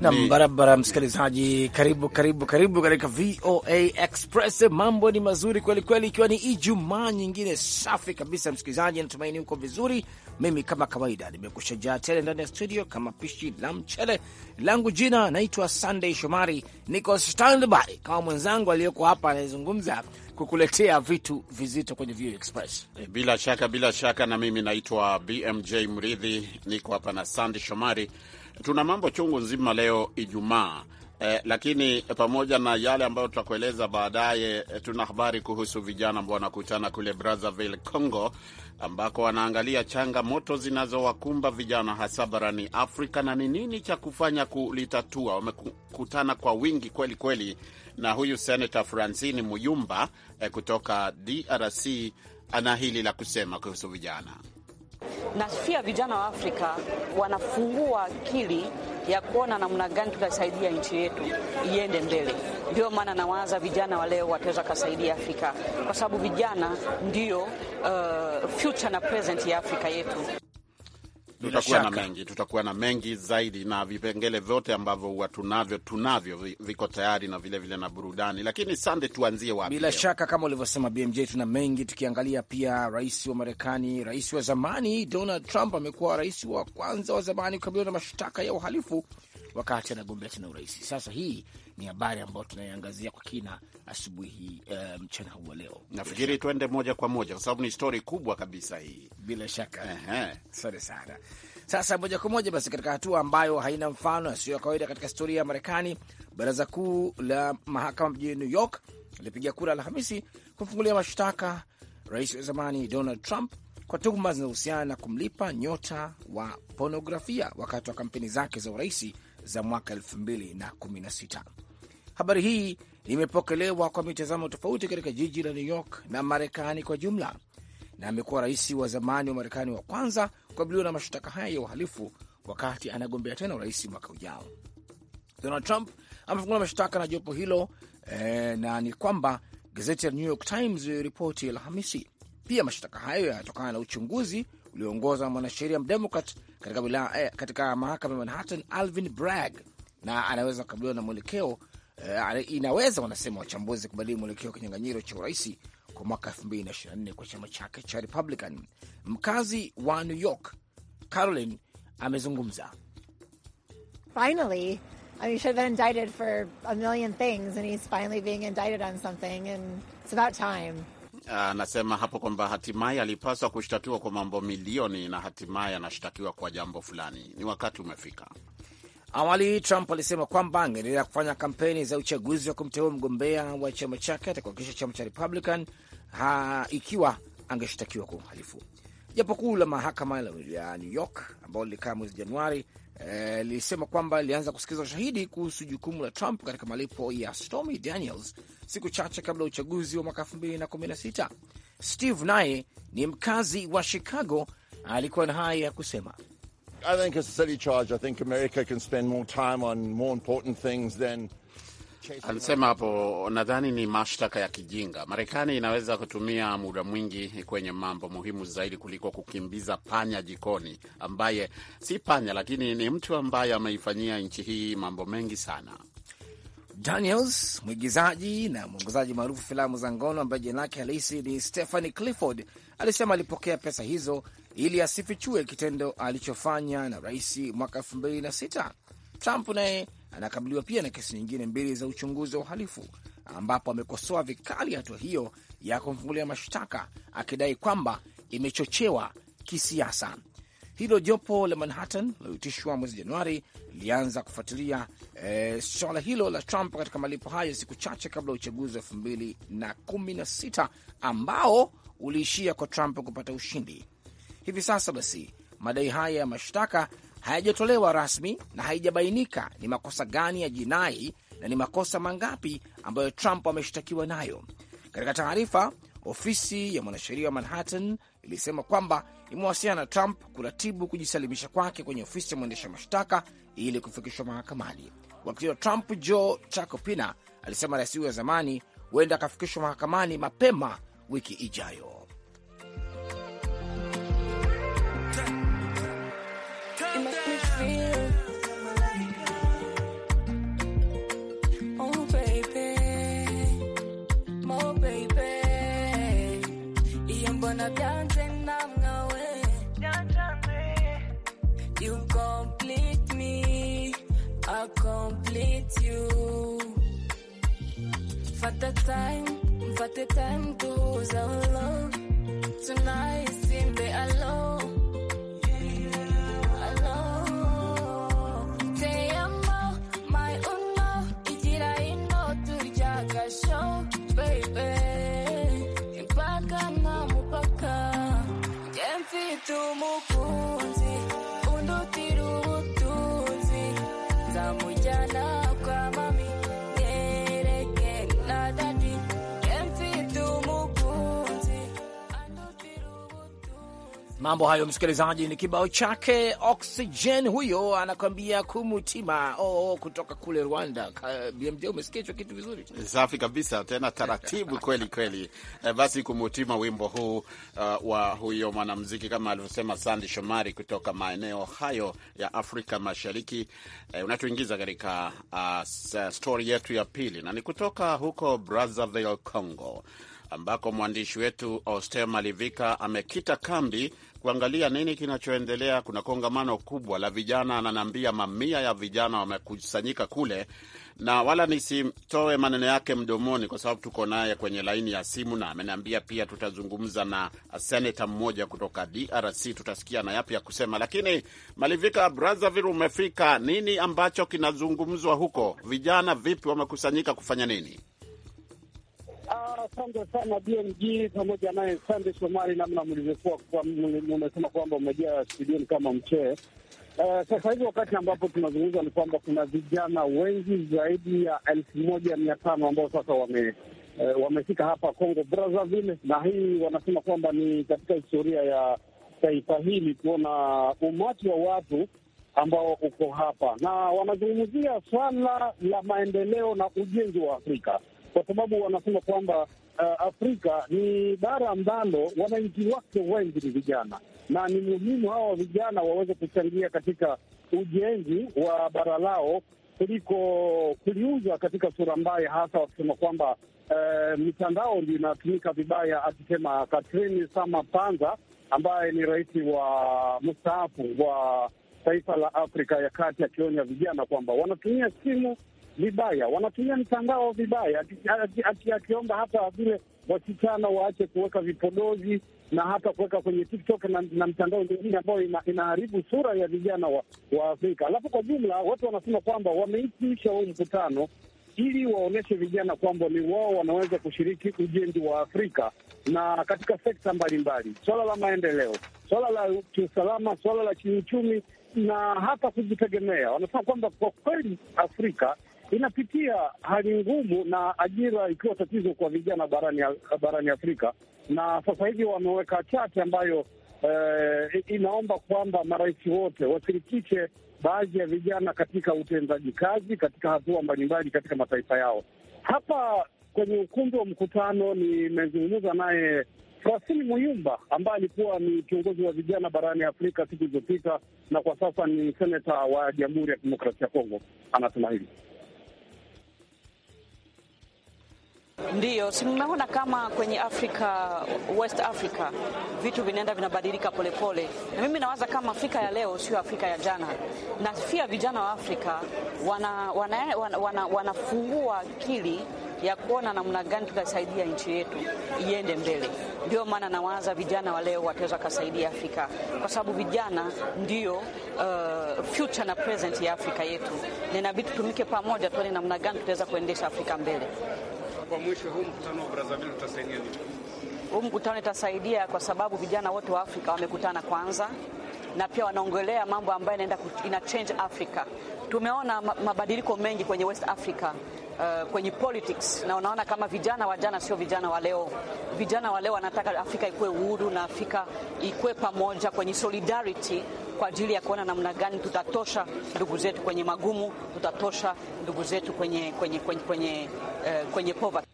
Nam barabara, msikilizaji, karibu karibu karibu katika VOA Express. Mambo ni mazuri kweli kweli, ikiwa ni Ijumaa nyingine safi kabisa. Msikilizaji, natumaini huko vizuri. Mimi kama kawaida nimekushajaa tele ndani ya studio kama pishi la mchele langu. Jina naitwa Sunday Shomari, niko standby kama mwenzangu aliyoko hapa anayezungumza kukuletea vitu vizito kwenye VOA Express. Eh, bila shaka, bila shaka, na mimi naitwa BMJ Mridhi, niko hapa na Sandy Shomari tuna mambo chungu nzima leo Ijumaa. Eh, lakini pamoja na yale ambayo tutakueleza baadaye, eh, tuna habari kuhusu vijana ambao wanakutana kule Brazzaville, Congo, ambako wanaangalia changamoto zinazowakumba vijana hasa barani Afrika na ni nini cha kufanya kulitatua. Wamekutana kwa wingi kweli kweli, na huyu Senator Francine Muyumba eh, kutoka DRC ana hili la kusema kuhusu vijana na pia vijana wa Afrika wanafungua akili ya kuona namna gani tutasaidia nchi yetu iende mbele. Ndio maana nawaza vijana wa leo wataweza kasaidia Afrika, kwa sababu vijana ndiyo uh, future na present ya Afrika yetu tutakuwa na mengi, tutakuwa na mengi zaidi na vipengele vyote ambavyo huwa tunavyo tunavyo viko tayari na vilevile vile na burudani, lakini sande, tuanzie wapi? Bila shaka kama ulivyosema BMJ, tuna mengi tukiangalia pia rais wa Marekani, rais wa zamani Donald Trump amekuwa rais wa kwanza wa zamani kukabiliwa na mashtaka ya uhalifu wakati anagombea tena urais. Sasa hii ni habari ambayo tunaiangazia kwa kina asubuhi hii, uh, mchana huu wa leo. Nafikiri tuende moja kwa moja kwa sababu ni stori kubwa kabisa hii, bila shaka. Asante sana. Sasa moja kwa moja basi, katika hatua ambayo haina mfano, yasiyo ya kawaida katika historia ya Marekani, baraza kuu la mahakama mjini New York alipiga kura Alhamisi kumfungulia mashtaka rais wa zamani Donald Trump kwa tuhuma zinazohusiana na kumlipa nyota wa ponografia wakati wa kampeni zake za uraisi za mwaka 2016. Habari hii imepokelewa kwa mitazamo tofauti katika jiji la New York na Marekani kwa jumla, na amekuwa rais wa zamani wa Marekani wa kwanza kukabiliwa na mashtaka haya ya uhalifu wakati anagombea tena urais mwaka ujao. Donald Trump amefungula mashtaka na jopo hilo eh, na ni kwamba gazeti la New York Times iliripoti Alhamisi. Pia mashtaka hayo yanatokana na uchunguzi ulioongozwa na mwanasheria mdemokrat katika, eh, katika mahakama ya Manhattan Alvin Bragg, na anaweza kukabiliwa na mwelekeo uh, inaweza wanasema wachambuzi kubadili mwelekeo wa kinyang'anyiro cha urais kwa mwaka 2024 kwa chama chake cha Republican. Mkazi wa New York Caroline amezungumza. Finally, I mean, should have been indicted for a million things and he's finally being indicted on something and it's about time. Anasema hapo kwamba hatimaye alipaswa kushtakiwa kwa mambo milioni na hatimaye anashtakiwa kwa jambo fulani. Ni wakati umefika. Awali Trump alisema kwamba angeendelea kufanya kampeni za uchaguzi wa kumteua mgombea wa chama chake atakuakisha chama cha Republican ha, ikiwa angeshtakiwa kwa uhalifu. Japo kuu la mahakama ya New York ambalo lilikaa mwezi Januari eh, lilisema eh, kwamba lilianza kusikiliza ushahidi kuhusu jukumu la Trump katika malipo ya Stormy Daniels siku chache kabla ya uchaguzi wa mwaka 2016. Steve naye ni mkazi wa Chicago, alikuwa na haya ya kusema. I think it's a silly charge, I think America can spend more time on more important things than Alisema hapo, nadhani ni mashtaka ya kijinga. Marekani inaweza kutumia muda mwingi kwenye mambo muhimu zaidi kuliko kukimbiza panya jikoni, ambaye si panya, lakini ni mtu ambaye ameifanyia nchi hii mambo mengi sana. Daniels, mwigizaji na mwongozaji maarufu filamu za ngono ambaye jina lake halisi ni Stephanie Clifford, alisema alipokea pesa hizo ili asifichue kitendo alichofanya na rais mwaka elfu mbili na sita. Trump naye anakabiliwa pia na kesi nyingine mbili za uchunguzi wa uhalifu ambapo amekosoa vikali hatua hiyo ya kumfungulia mashtaka akidai kwamba imechochewa kisiasa. Hilo jopo la Manhattan lilioitishwa mwezi Januari lilianza kufuatilia eh, swala hilo la Trump katika malipo hayo siku chache kabla ya uchaguzi wa elfu mbili na kumi na sita ambao uliishia kwa Trump kupata ushindi Hivi sasa basi, madai haya ya mashtaka hayajatolewa rasmi na haijabainika ni makosa gani ya jinai na ni makosa mangapi ambayo Trump ameshtakiwa nayo. Katika taarifa, ofisi ya mwanasheria wa Manhattan ilisema kwamba imewasiliana na Trump kuratibu kujisalimisha kwake kwenye ofisi ya mwendesha mashtaka ili kufikishwa mahakamani. Wakili wa Trump Joe Chakopina alisema rais huyo wa zamani huenda akafikishwa mahakamani mapema wiki ijayo. i complete you. for the time, for the time goes along. Tonight, seem be alone. mambo hayo, msikilizaji, ni kibao chake Oxygen, huyo anakwambia kumutima oh, oh kutoka kule Rwanda. BMJ, umesikia hicho kitu vizuri, safi kabisa, tena taratibu kweli kweli. E, basi kumutima, wimbo huu uh, wa huyo mwanamziki kama alivyosema Sandi Shomari kutoka maeneo hayo ya Afrika Mashariki. E, unatuingiza katika uh, stori yetu ya pili na ni kutoka huko Brazzaville, Congo ambako mwandishi wetu Auster Malivika amekita kambi kuangalia nini kinachoendelea. Kuna kongamano kubwa la vijana, ananiambia mamia ya vijana wamekusanyika kule, na wala nisitoe maneno yake mdomoni kwa sababu tuko naye kwenye laini ya simu, na ameniambia pia tutazungumza na seneta mmoja kutoka DRC, tutasikia na yapi ya kusema. Lakini Malivika Brazzaville, umefika, nini ambacho kinazungumzwa huko? Vijana vipi wamekusanyika kufanya nini? Asante sana BMG pamoja naye Sande Shomari, namna mlivyokuwa mmesema kwamba umejaa studioni kama mchee. Uh, sasa hivi wakati ambapo tunazungumza ni kwamba kuna vijana wengi zaidi ya elfu moja mia tano ambao sasa wame uh, wamefika hapa Congo Brazzaville, na hii wanasema kwamba ni katika historia ya taifa hili kuona umati wa watu ambao uko hapa, na wanazungumzia swala la maendeleo na ujenzi wa Afrika kwa sababu wanasema kwamba uh, Afrika ni bara ambalo wananchi wake wengi ni vijana, na ni muhimu hawa vijana waweze kuchangia katika ujenzi wa bara lao kuliko kuliuzwa katika sura mbaya, hasa wakisema kwamba uh, mitandao ndio inatumika vibaya, akisema Katrini Sama Panza ambaye ni rais wa mstaafu wa taifa la Afrika ya Kati, akionya vijana kwamba wanatumia simu vibaya, wanatumia mtandao vibaya, akiomba hata vile wasichana waache kuweka vipodozi na hata kuweka kwenye TikTok na, na mtandao mingine ambayo ina, inaharibu sura ya vijana wa, wa Afrika. Alafu kwa jumla watu wanasema kwamba wameitisha huu mkutano ili waonyeshe vijana kwamba ni wao wanaweza kushiriki ujenzi wa Afrika na katika sekta mbalimbali, swala la maendeleo, swala la kiusalama, swala la kiuchumi na hata kujitegemea. Wanasema kwamba kwa kweli Afrika inapitia hali ngumu na ajira ikiwa tatizo kwa vijana barani barani Afrika, na sasa hivi wameweka chati ambayo eh, inaomba kwamba marais wote washirikishe baadhi ya vijana katika utendaji kazi katika hatua mbalimbali katika mataifa yao. Hapa kwenye ukumbi wa mkutano nimezungumza naye Frasini Muyumba ambaye alikuwa ni kiongozi wa vijana barani Afrika siku zilizopita na kwa sasa ni seneta wa Jamhuri ya Kidemokrasia ya Kongo. Anasema hivi: Ndiyo, simeona kama kwenye Afrika, West Africa vitu vinaenda vinabadilika polepole, na mimi nawaza kama Afrika ya leo sio Afrika ya jana, na pia vijana wa Afrika wanafungua wana, wana, wana, wana akili ya kuona namna gani tutasaidia nchi yetu iende mbele. Ndio maana nawaza vijana wa leo wataweza kusaidia Afrika, kwa sababu vijana ndio uh, future na present ya Afrika yetu, na inabidi tutumike pamoja, tuone namna gani tutaweza kuendesha Afrika mbele kwa mwisho, huu mkutano wa Brazzaville utasaidia nini? Huu mkutano itasaidia kwa sababu vijana wote wa Afrika wamekutana kwanza, na pia wanaongelea mambo ambayo inaenda ina change Africa. Tumeona mabadiliko mengi kwenye West Africa Uh, kwenye politics na unaona kama vijana wa jana sio vijana wa leo. Vijana wa leo wanataka Afrika ikuwe uhuru na Afrika ikuwe pamoja kwenye solidarity kwa ajili ya kuona namna gani tutatosha ndugu zetu kwenye magumu, tutatosha ndugu zetu kwenye, kwenye, kwenye, kwenye, uh, kwenye poverty.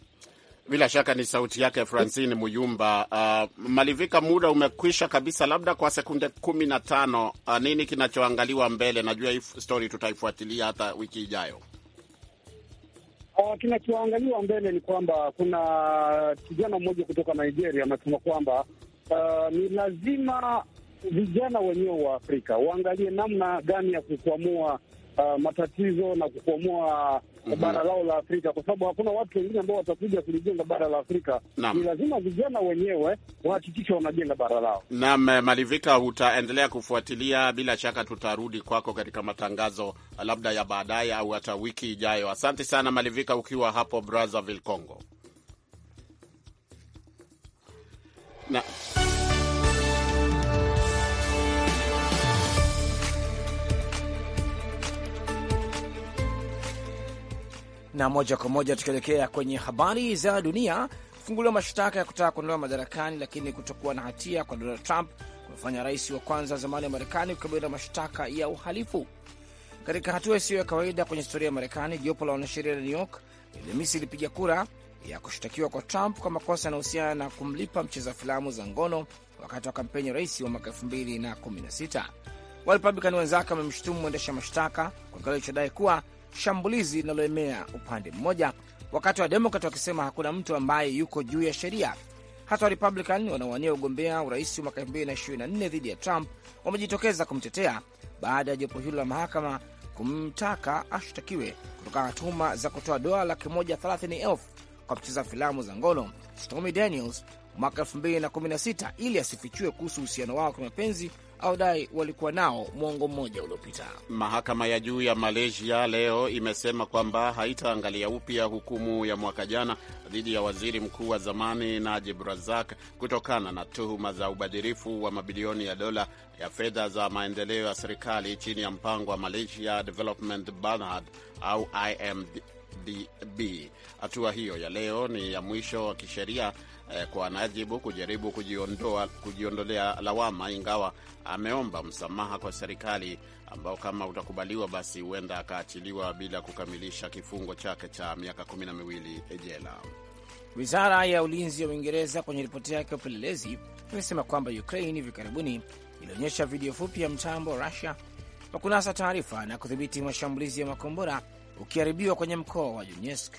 Bila shaka ni sauti yake Francine Muyumba. Uh, Malivika, muda umekwisha kabisa, labda kwa sekunde kumi na tano. Uh, nini kinachoangaliwa mbele? Najua hii stori tutaifuatilia hata wiki ijayo. Uh, kinachoangaliwa mbele ni kwamba kuna kijana mmoja kutoka Nigeria amesema kwamba uh, ni lazima vijana wenyewe wa Afrika waangalie namna gani ya kukwamua uh, matatizo na kukwamua mm -hmm. bara lao la Afrika, kwa sababu hakuna watu wengine ambao watakuja kulijenga bara la Afrika. Ni lazima vijana wenyewe wahakikisha wanajenga bara lao. Naam, eh, Malivika, utaendelea kufuatilia bila shaka, tutarudi kwako katika matangazo labda ya baadaye au hata wiki ijayo. Asante sana Malivika, ukiwa hapo Brazzaville, Congo na na moja kwa moja tukielekea kwenye habari za dunia. Kufunguliwa mashtaka ya kutaka kuondolewa madarakani lakini kutokuwa na hatia kwa Donald Trump kumefanya rais wa kwanza wa zamani wa Marekani kukabiliwa na mashtaka ya uhalifu. Katika hatua isiyo ya kawaida kwenye historia ya Marekani, jopo la wanasheria la New York Alhamisi ilipiga kura ya kushtakiwa kwa Trump kwa makosa yanahusiana na kumlipa mcheza filamu za ngono wakati wa kampeni ya rais wa mwaka 2016. Warepublikani wenzake wamemshutumu mwendesha mashtaka kwa kile alichodai kuwa shambulizi linaloemea upande mmoja, wakati wa Demokrat wakisema hakuna mtu ambaye yuko juu ya sheria. Hata wa Republican wanaowania ugombea urais mwaka 2024 dhidi ya Trump wamejitokeza kumtetea baada ya jopo hilo la mahakama kumtaka ashtakiwe kutokana na tuhuma za kutoa dola laki moja thelathini elfu kwa mcheza filamu za ngono Stormy Daniels mwaka 2016 ili asifichue kuhusu uhusiano wao kimapenzi audai walikuwa nao mwongo mmoja uliopita. Mahakama ya juu ya Malaysia leo imesema kwamba haitaangalia upya hukumu ya mwaka jana dhidi ya waziri mkuu wa zamani Najib Razak kutokana na tuhuma za ubadhirifu wa mabilioni ya dola ya fedha za maendeleo ya serikali chini ya mpango wa Malaysia Development Banhad au IMD FDB. Hatua hiyo ya leo ni ya mwisho wa kisheria eh, kwa Najibu kujaribu kujiondoa, kujiondolea lawama, ingawa ameomba msamaha kwa serikali ambao kama utakubaliwa, basi huenda akaachiliwa bila kukamilisha kifungo chake cha miaka kumi na miwili jela. Wizara ya ulinzi ya Uingereza kwenye ripoti yake ya upelelezi imesema kwamba Ukraine hivi karibuni ilionyesha video fupi ya mtambo wa Rusia wa kunasa taarifa na kudhibiti mashambulizi ya makombora ukiharibiwa kwenye mkoa wa Donetsk.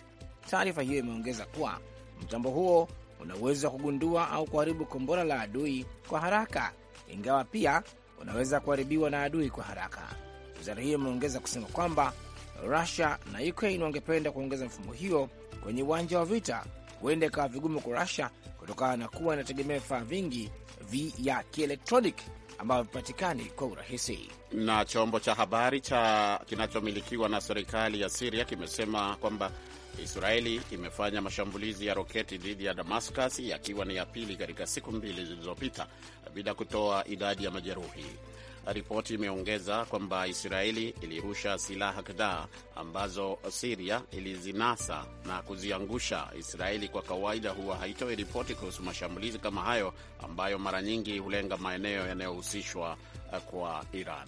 Taarifa hiyo imeongeza kuwa mtambo huo unaweza kugundua au kuharibu kombora la adui kwa haraka, ingawa pia unaweza kuharibiwa na adui kwa haraka. Wizara hiyo imeongeza kusema kwamba Rusia na Ukraine wangependa kuongeza mfumo hiyo kwenye uwanja wa vita, huenda ikawa vigumu kwa Rusia kutokana na kuwa inategemea vifaa vingi vya kielektroniki ambayo vipatikani kwa urahisi. Na chombo cha habari cha kinachomilikiwa na serikali ya Siria kimesema kwamba Israeli imefanya mashambulizi ya roketi dhidi ya Damascus yakiwa ni ya pili katika siku mbili zilizopita bila kutoa idadi ya majeruhi. Ripoti imeongeza kwamba Israeli ilirusha silaha kadhaa ambazo Siria ilizinasa na kuziangusha. Israeli kwa kawaida huwa haitoi ripoti kuhusu mashambulizi kama hayo ambayo mara nyingi hulenga maeneo yanayohusishwa kwa Iran.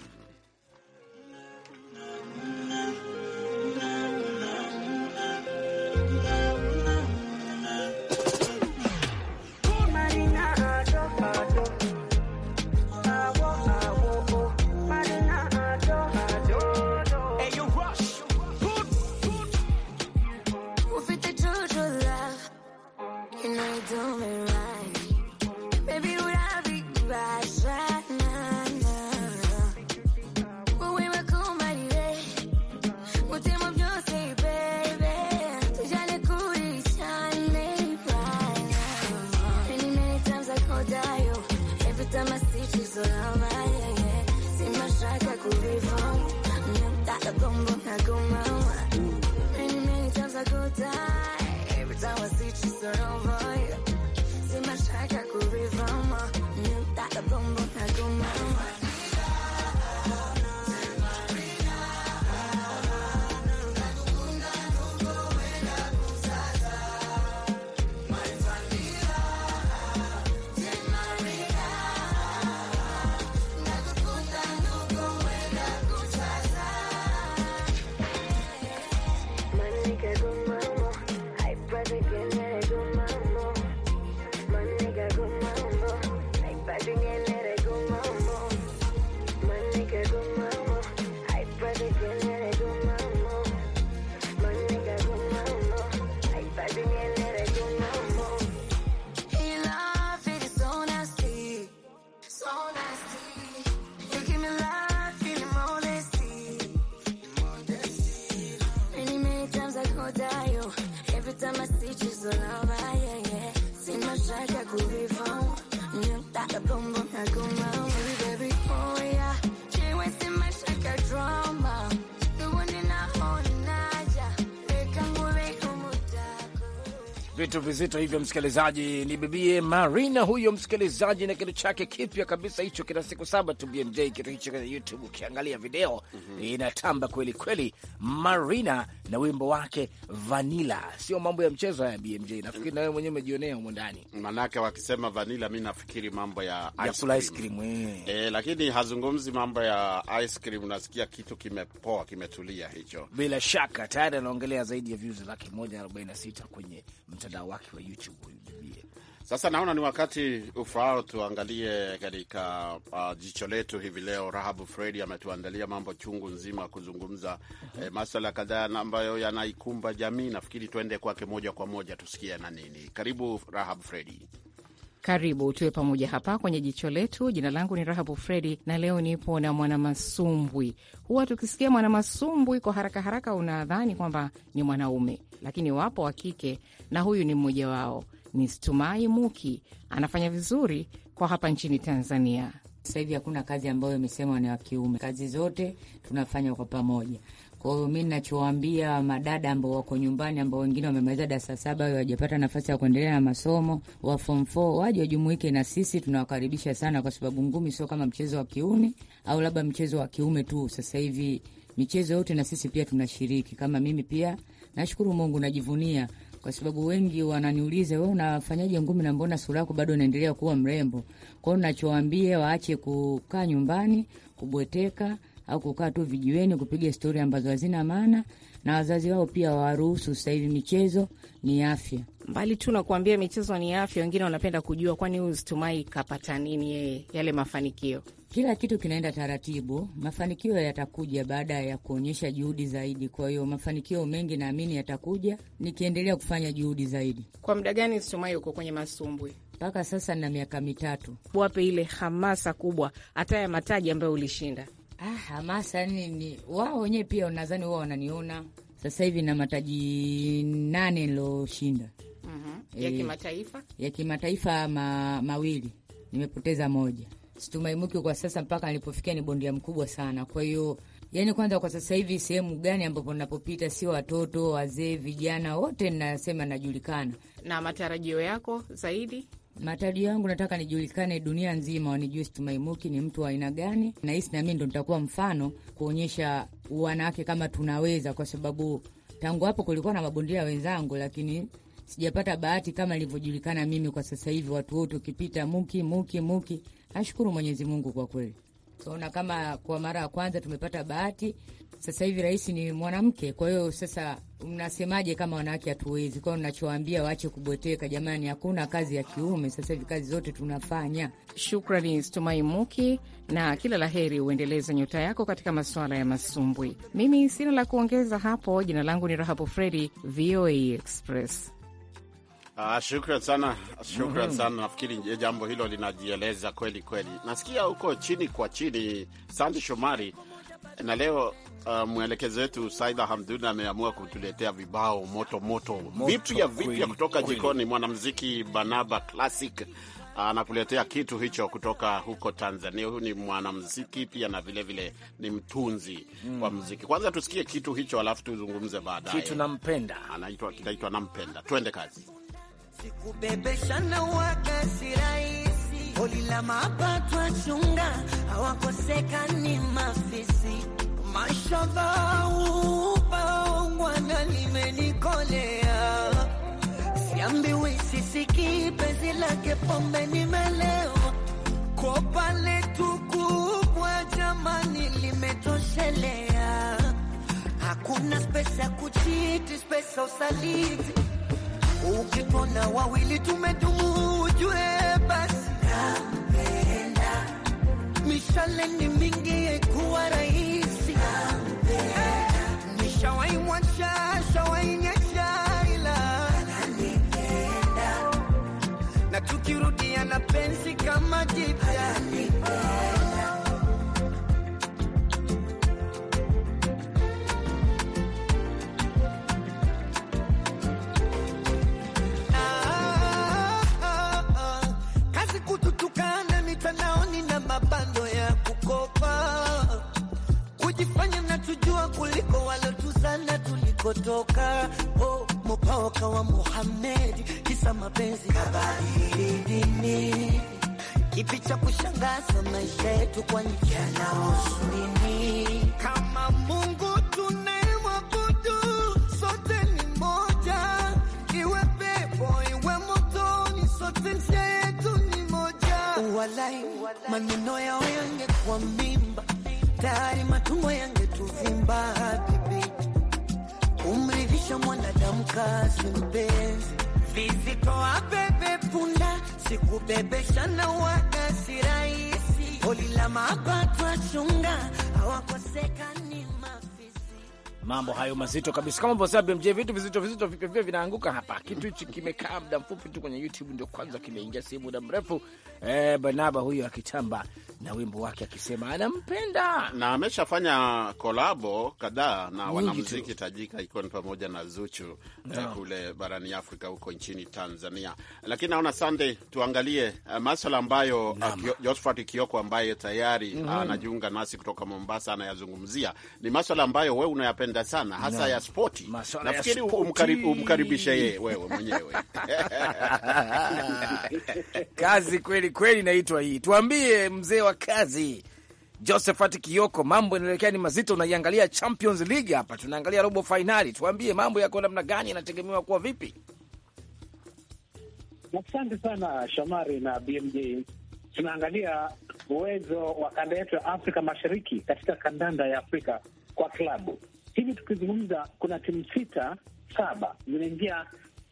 vitu vizito hivyo, msikilizaji. Ni bibie Marina huyo, msikilizaji, na kitu chake kipya kabisa hicho, kina siku saba tu BMJ, kitu hicho kwenye YouTube ukiangalia video mm -hmm. inatamba kweli kweli, Marina na wimbo wake Vanila, Sio mambo ya mchezo haya BMJ, nafikiri na wewe mwenyewe umejionea humo ndani, manake wakisema vanila, mi nafikiri mambo ya ice cream, eh. eh, lakini hazungumzi mambo ya ice cream, unasikia kitu kimepoa, kimetulia hicho. Bila shaka tayari anaongelea zaidi ya views laki moja arobaini na sita kwenye mtandao wadau wake wa YouTube Sasa naona ni wakati ufaao tuangalie katika uh, jicho letu hivi leo. Rahabu Fredi ametuandalia mambo chungu nzima kuzungumza eh, maswala kadhaa ambayo yanaikumba jamii. Nafikiri tuende kwake moja kwa moja tusikie na nini. Karibu Rahabu Fredi. Karibu tuwe pamoja hapa kwenye jicho letu. Jina langu ni Rahabu Fredi na leo nipo na mwanamasumbwi. Huwa tukisikia mwanamasumbwi kwa haraka haraka unadhani kwamba ni mwanaume, lakini wapo wa kike na huyu ni mmoja wao. Ni Stumai Muki, anafanya vizuri kwa hapa nchini Tanzania. Sasa hivi hakuna kazi ambayo imesema ni wa kiume, kazi zote tunafanya kwa pamoja. Kwa hiyo mi nachowambia madada ambao wako nyumbani, ambao wengine wamemaliza darasa saba wajapata nafasi ya kuendelea na masomo, wa form four waje wajumuike na sisi, tunawakaribisha sana, kwa sababu ngumi sio kama mchezo wa kiume au labda mchezo wa kiume tu. Sasa hivi michezo yote na sisi pia tunashiriki, kama mimi pia Nashukuru Mungu, najivunia kwa sababu wengi wananiuliza, we unafanyaje ngumi na mbona sura yako bado inaendelea kuwa mrembo? hiyo nachowaambia waache kukaa nyumbani kubweteka au kukaa tu vijiweni kupiga stori ambazo hazina maana, na wazazi wao pia wawaruhusu. Sasa hivi michezo ni afya mbali tu na kuambia michezo ni afya, wengine wanapenda kujua, kwani huyu Stumai kapata nini yeye, yale mafanikio? Kila kitu kinaenda taratibu. Mafanikio yatakuja baada ya kuonyesha juhudi zaidi. Kwa hiyo mafanikio mengi naamini yatakuja nikiendelea kufanya juhudi zaidi. Kwa muda gani Stumai uko kwenye masumbwi? Mpaka sasa na miaka mitatu. Wape ile hamasa kubwa, hata ya mataji ambayo ulishinda. Ah, hamasa ni, ni Wao wenyewe pia nadhani wao wananiona sasa hivi na mataji nane niloshinda ya eh, kimataifa ya kimataifa ma, mawili nimepoteza moja. Situmaimuki kwa sasa mpaka nilipofikia ni bondia mkubwa sana. Kwa hiyo yani, kwanza kwa sasa hivi sehemu gani ambapo napopita, sio watoto, wazee, vijana, wote nasema najulikana. Na matarajio yako zaidi? Matarajio yangu nataka nijulikane dunia nzima, wanijue Situmaimuki ni mtu wa aina gani. Nahisi nami ndo nitakuwa mfano kuonyesha wanawake kama tunaweza, kwa sababu tangu hapo kulikuwa na mabondia wenzangu, lakini Sijapata bahati kama ilivyojulikana mimi kwa sasa hivi, watu wote ukipita muki muki muki. Nashukuru Mwenyezi Mungu kwa kweli, tunaona kama kwa mara ya kwanza tumepata bahati. Sasa hivi rais ni mwanamke, kwa hiyo sasa mnasemaje kama wanawake hatuwezi? Kwa hiyo waache kubweteka jamani, hakuna kazi ya kiume, sasa hivi kazi zote tunafanya. Shukrani Stumai Muki, na kila la heri uendeleze nyota yako katika masuala ya masumbwi. Mimi sina la kuongeza hapo. Jina langu ni Rahabu Fredi, VOA Express. Ah, shukran sana, shukran mm -hmm. sana. Nafikiri jambo hilo linajieleza kweli kweli. Nasikia huko chini kwa chini, Sandi Shomari, na leo uh, mwelekezo wetu Saida Hamduna ameamua kutuletea vibao moto moto vipya vipya kutoka kweli, jikoni. Mwanamuziki Banaba Classic uh, anakuletea kitu hicho kutoka huko Tanzania. Huyu ni mwanamuziki pia na vilevile vile ni mtunzi mm. wa muziki. Kwanza tusikie kitu hicho, alafu tuzungumze baadaye. Kitu nampenda anaitwa, kitaitwa nampenda. Twende kazi sikubebesha na wakasi rahisi olila mapato wachunga hawakosekani mafisi mashavaupaongwana limenikolea siambiwi sisiki penzi lake pombe nimelewa kopa letu kubwa jamani limetoshelea hakuna spesa kuchiti spesa usaliti ukitona wawili tumedumu, ujue basi napenda. Mishale ni mingi kuwa rahisi, nishawaimwacha shawainyesha, ila na tukirudia na penzi kama jipya kotoka oh, mupaka wa Muhammad, kisa mapenzi habari dini, kipi cha kushangaza maisha yetu, kwani na nini? Kama Mungu tunayemwabudu sote ni moja, iwe motoni, sote yetu ni moja. Walai, maneno yao yangekuwa mimba tayari, matumbo yangetuvimba kumwonyesha mwanadamu kazi mpenzi, vizito abebe punda, sikubebesha na wada rahisi, holi la mapato ashunga hawakosekana Mambo hayo mazito kabisa, kama mbosea BMJ, vitu vizito vizito vipya vipya vinaanguka hapa. Kitu hichi kimekaa muda mfupi tu kwenye YouTube, ndio kwanza kimeingia, sehemu muda mrefu. E, eh, Banaba huyo akitamba na wimbo wake akisema anampenda, na ameshafanya kolabo kadhaa na wanamuziki tajika, ikiwa ni pamoja na Zuchu eh, no. kule barani Afrika, huko nchini Tanzania. Lakini naona Sande, tuangalie eh, maswala ambayo Josphat Kioko ambaye tayari mm -hmm. anajiunga nasi kutoka Mombasa anayazungumzia, ni maswala ambayo we unayapenda anapenda sana hasa ya spoti. Nafikiri umkaribishe yeye wewe mwenyewe kazi kweli kweli, naitwa hii. Tuambie mzee wa kazi Josephat Kioko, mambo yanaelekea ni mazito. Unaiangalia Champions League hapa, tunaangalia robo fainali. Tuambie mambo yako namna gani, yanategemewa kuwa vipi? Asante sana Shomari na BMJ. Tunaangalia uwezo wa kanda yetu ya Afrika Mashariki katika kandanda ya Afrika kwa klabu hivi tukizungumza, kuna timu sita saba zinaingia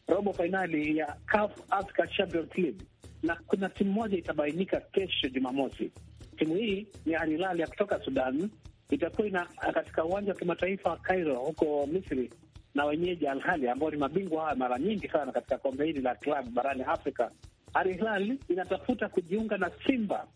robo fainali ya CAF Africa Champions League, na kuna timu moja itabainika kesho Jumamosi. Timu hii ni Al Hilal ya kutoka Sudan itakuwa eh, katika uwanja wa kimataifa wa Cairo huko Misri na wenyeji Al Ahly ambao ni mabingwa haya mara nyingi sana katika kombe hili la klabu barani Afrika. Al Hilal inatafuta kujiunga na Simba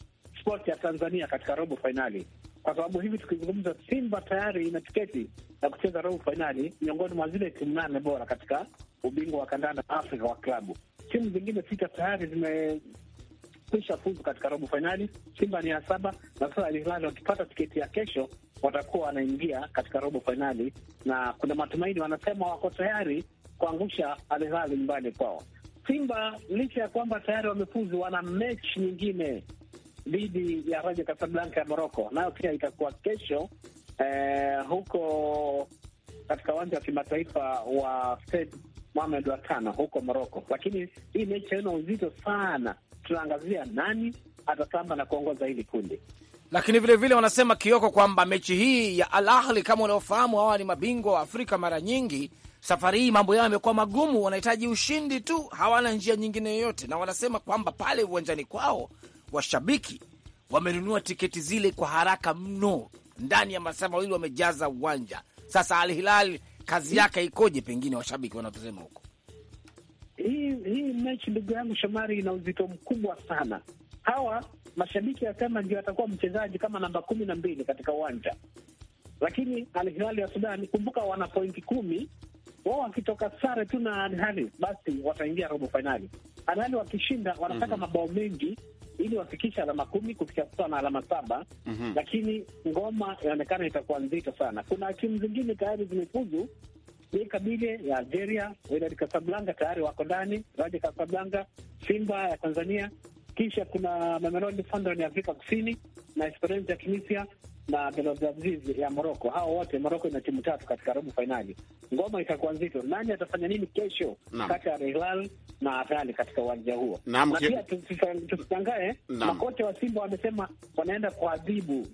Sport ya Tanzania katika robo fainali kwa sababu hivi tukizungumza, Simba tayari ina tiketi ya kucheza robo fainali miongoni mwa zile timu nane bora katika ubingwa wa kandanda Afrika wa klabu. Timu zingine sita tayari zimekwisha fuzu katika robo fainali. Simba ni ya saba, na sasa Al Hilal wakipata tiketi ya kesho watakuwa wanaingia katika robo fainali, na kuna matumaini, wanasema wako tayari kuangusha Al Hilal nyumbani kwao. Simba licha ya kwamba tayari wamefuzu, wana mechi nyingine dhidi ya Raja Kasablanka ya Moroko, nayo pia itakuwa kesho eh, huko katika uwanja wa kimataifa wa Stade Mohamed wa tano huko Moroko. Lakini hii mechi haina uzito sana, tunaangazia nani atatamba na kuongoza hili kundi lakini vile vile wanasema Kioko kwamba mechi hii ya Al Ahli kama unavyofahamu, hawa ni mabingwa wa Afrika mara nyingi. Safari hii mambo yao yamekuwa magumu, wanahitaji ushindi tu, hawana njia nyingine yoyote, na wanasema kwamba pale uwanjani kwao washabiki wamenunua tiketi zile kwa haraka mno, ndani ya masaa mawili wamejaza uwanja. Sasa Al Hilal kazi yake ikoje? Pengine washabiki wanavyosema huko, hii hii mechi, ndugu yangu Shomari, ina uzito mkubwa sana. Hawa mashabiki ya ndio watakuwa mchezaji kama namba kumi na mbili katika uwanja, lakini Al Hilal ya sudani kumbuka, wana pointi kumi wao wakitoka sare tu na Al Ahly basi wataingia robo fainali. Al Ahly wakishinda wanataka mm -hmm. mabao mengi ili wafikishe alama kumi kufikia sasa na alama saba mm -hmm. Lakini ngoma inaonekana itakuwa nzito sana. Kuna timu zingine tayari zimefuzu Kabile ya Algeria, Wydad Casablanca tayari wako ndani, Raja Casablanca, Simba ya Tanzania, kisha kuna Mamelodi Sundowns ya Afrika Kusini na Esperance ya Tunisia na Abdelaziz ya Morocco. Hao wote Morocco ina timu tatu katika robo fainali. Ngoma itakuwa nzito. Nani atafanya nini kesho kati ya Hilal na Ahly katika uwanja huo? Na pia tusitangae makocha wa Simba wamesema wanaenda kuadhibu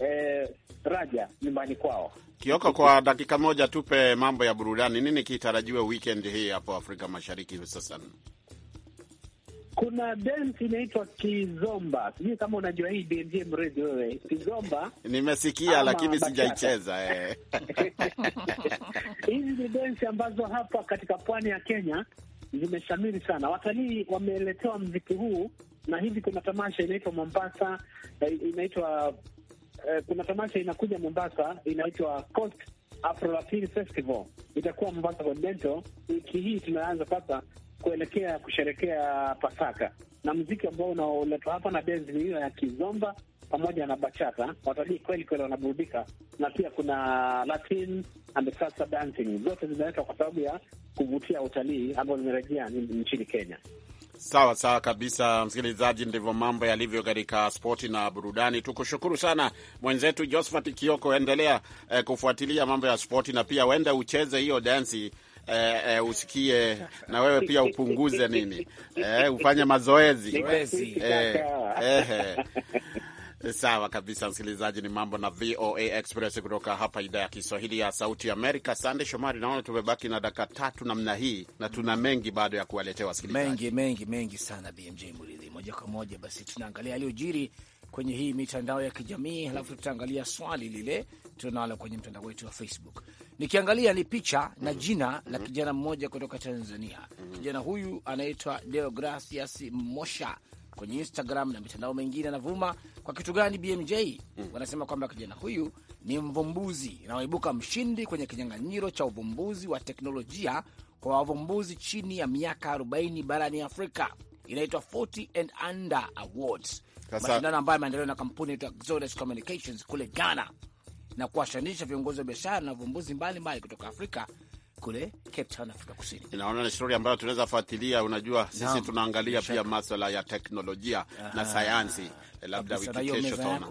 eh, Raja nyumbani kwao. Kioko, kwa dakika moja, tupe mambo ya burudani. Nini kitarajiwe weekend hii hapo Afrika Mashariki hususan? kuna dance inaitwa kizomba, sijui kama unajua hii BMJ mrezi wewe. Kizomba nimesikia lakini sijaicheza eh. Hizi ni dance ambazo hapa katika pwani ya Kenya zimeshamiri sana, watalii wameletewa mziki huu, na hivi kuna tamasha inaitwa Mombasa, eh, inaitwa eh, kuna tamasha inakuja Mombasa inaitwa Coast Afro Latin Festival, itakuwa Mombasa Continental wiki hii, tunaanza sasa kuelekea kusherekea Pasaka, na mziki ambao unaoletwa hapa na benzi ni hiyo ya kizomba pamoja na bachata. Watalii kweli kweli wanaburudika, na pia kuna Latin and salsa dancing, zote zinaletwa kwa sababu ya kuvutia utalii ambao limerejea nchini Kenya. Sawa sawa kabisa, msikilizaji, ndivyo mambo yalivyo katika spoti na burudani. Tukushukuru sana mwenzetu Josephat Kioko, endelea eh, kufuatilia mambo ya spoti na pia uende ucheze hiyo dansi eh, eh, usikie na wewe pia upunguze nini eh, ufanye mazoezi eh, eh. Sawa kabisa, msikilizaji, ni mambo na VOA Express kutoka hapa idhaa ya Kiswahili ya Sauti Amerika. Sande Shomari, naona tumebaki na dakika tatu namna hii na tuna mengi bado ya kuwaletea wasikilizaji, mengi mengi mengi sana. BMJ Muridhi, moja kwa moja basi tunaangalia aliyojiri kwenye hii mitandao ya kijamii, halafu tutaangalia swali lile tunalo kwenye mtandao wetu wa Facebook. Nikiangalia ni picha na jina la kijana mmoja kutoka Tanzania. Kijana huyu anaitwa Deogracias Mosha kwenye Instagram na mitandao mingine anavuma kwa kitu gani? BMJ wanasema kwamba kijana huyu ni mvumbuzi na waibuka mshindi kwenye kinyang'anyiro cha uvumbuzi wa teknolojia kwa wavumbuzi chini ya miaka 40 barani Afrika, inaitwa 40 and under awards mashindano ambayo yameandaliwa na kampuni Axodes Communications kule Ghana na kuwashanisha viongozi wa biashara na vumbuzi mbalimbali kutoka Afrika kule Cape Town, Afrika Kusini. Naona ni stori ambayo tunaweza fuatilia. Unajua sisi tunaangalia pia maswala ya teknolojia Aha. na sayansi Eh, labda wiki kesho tona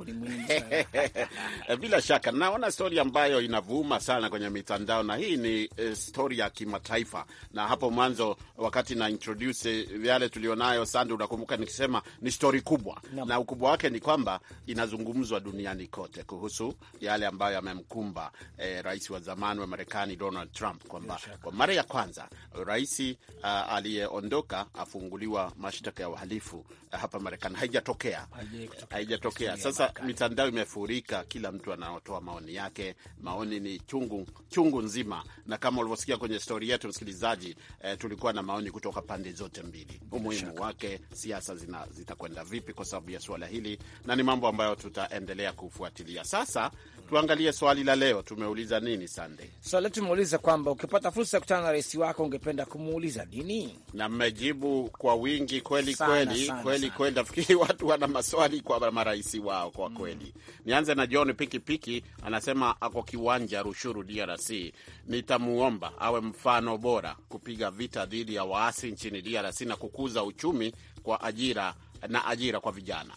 bila shaka naona stori ambayo inavuma sana kwenye mitandao, na hii ni eh, stori ya kimataifa. Na hapo mwanzo, wakati na introduce eh, yale tulionayo, Sande, unakumbuka nikisema ni stori kubwa no. na ukubwa wake ni kwamba inazungumzwa duniani kote kuhusu yale ambayo yamemkumba eh, rais wa zamani wa Marekani Donald Trump, kwamba kwa mara ya kwanza rais uh, aliyeondoka afunguliwa mashtaka ya uhalifu uh, hapa Marekani haijatokea haijatokea. Sasa mitandao imefurika, kila mtu anaotoa maoni yake. Maoni ni chungu, chungu nzima, na kama ulivyosikia kwenye stori yetu msikilizaji, eh, tulikuwa na maoni kutoka pande zote mbili, umuhimu wake, siasa zitakwenda vipi kwa sababu ya suala hili, na ni mambo ambayo tutaendelea kufuatilia. Sasa tuangalie swali la leo. Tumeuliza nini Sunday? Swali letu tumeuliza kwamba ukipata fursa ya kutana na rais wako ungependa kumuuliza nini, na mmejibu kwa wingi kweli sana, kweli sana, kweli sana. Kweli nafikiri watu wana maswali kwa marais wao kwa mm. kweli Nianze na John Pikipiki anasema ako kiwanja Rushuru, DRC. Nitamuomba awe mfano bora kupiga vita dhidi ya waasi nchini DRC na kukuza uchumi kwa ajira na ajira kwa vijana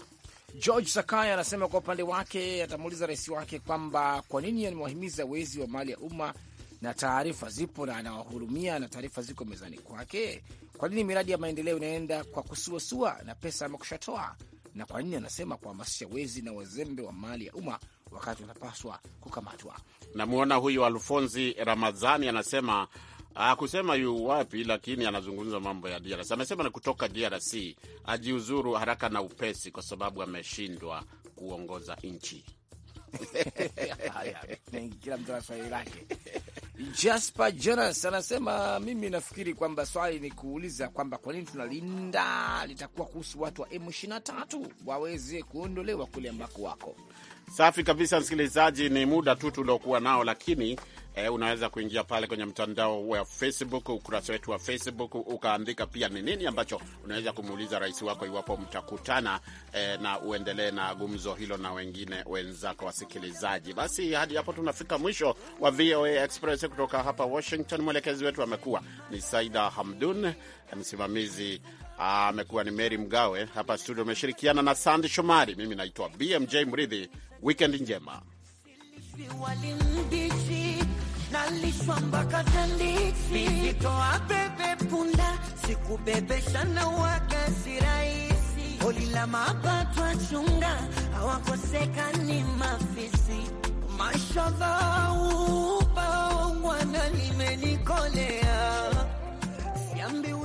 George Sakaya anasema kwa upande wake atamuuliza rais wake kwamba kwa nini anawahimiza wezi wa mali ya umma na taarifa zipo na anawahurumia na taarifa ziko mezani kwake. Kwa nini miradi ya maendeleo inaenda kwa kusuasua na pesa amekushatoa? Na kwa nini anasema kuhamasisha wezi na wazembe wa mali ya umma wakati wanapaswa kukamatwa? Namwona huyu Alfonzi Ramadhani anasema Ah, kusema yu wapi, lakini anazungumza mambo ya DRC. Amesema ni kutoka DRC ajiuzuru haraka na upesi, kwa sababu ameshindwa kuongoza nchi. Kila mtu ana swali lake. Jasper Jonas anasema mimi nafikiri kwamba swali ni kuuliza kwamba kwa nini tunalinda, litakuwa kuhusu watu wa M23 waweze kuondolewa kule ambako wako. Safi kabisa, msikilizaji, ni muda tu tuliokuwa nao, lakini eh, unaweza kuingia pale kwenye mtandao wa Facebook, ukurasa wetu wa Facebook, ukaandika pia ni nini ambacho unaweza kumuuliza rais wako iwapo mtakutana, eh, na uendelee na gumzo hilo na wengine wenzako, wasikilizaji. Basi hadi hapo tunafika mwisho wa VOA Express kutoka hapa Washington. Mwelekezi wetu amekuwa ni Saida Hamdun, msimamizi ah, amekuwa ni Mary Mgawe. Hapa studio umeshirikiana na Sandi Shomari, mimi naitwa BMJ Mridhi. Weekend njema. punda rahisi holi la mapato achunga hawakosekani mafisi mashodha upa wana limenikolea siambiwi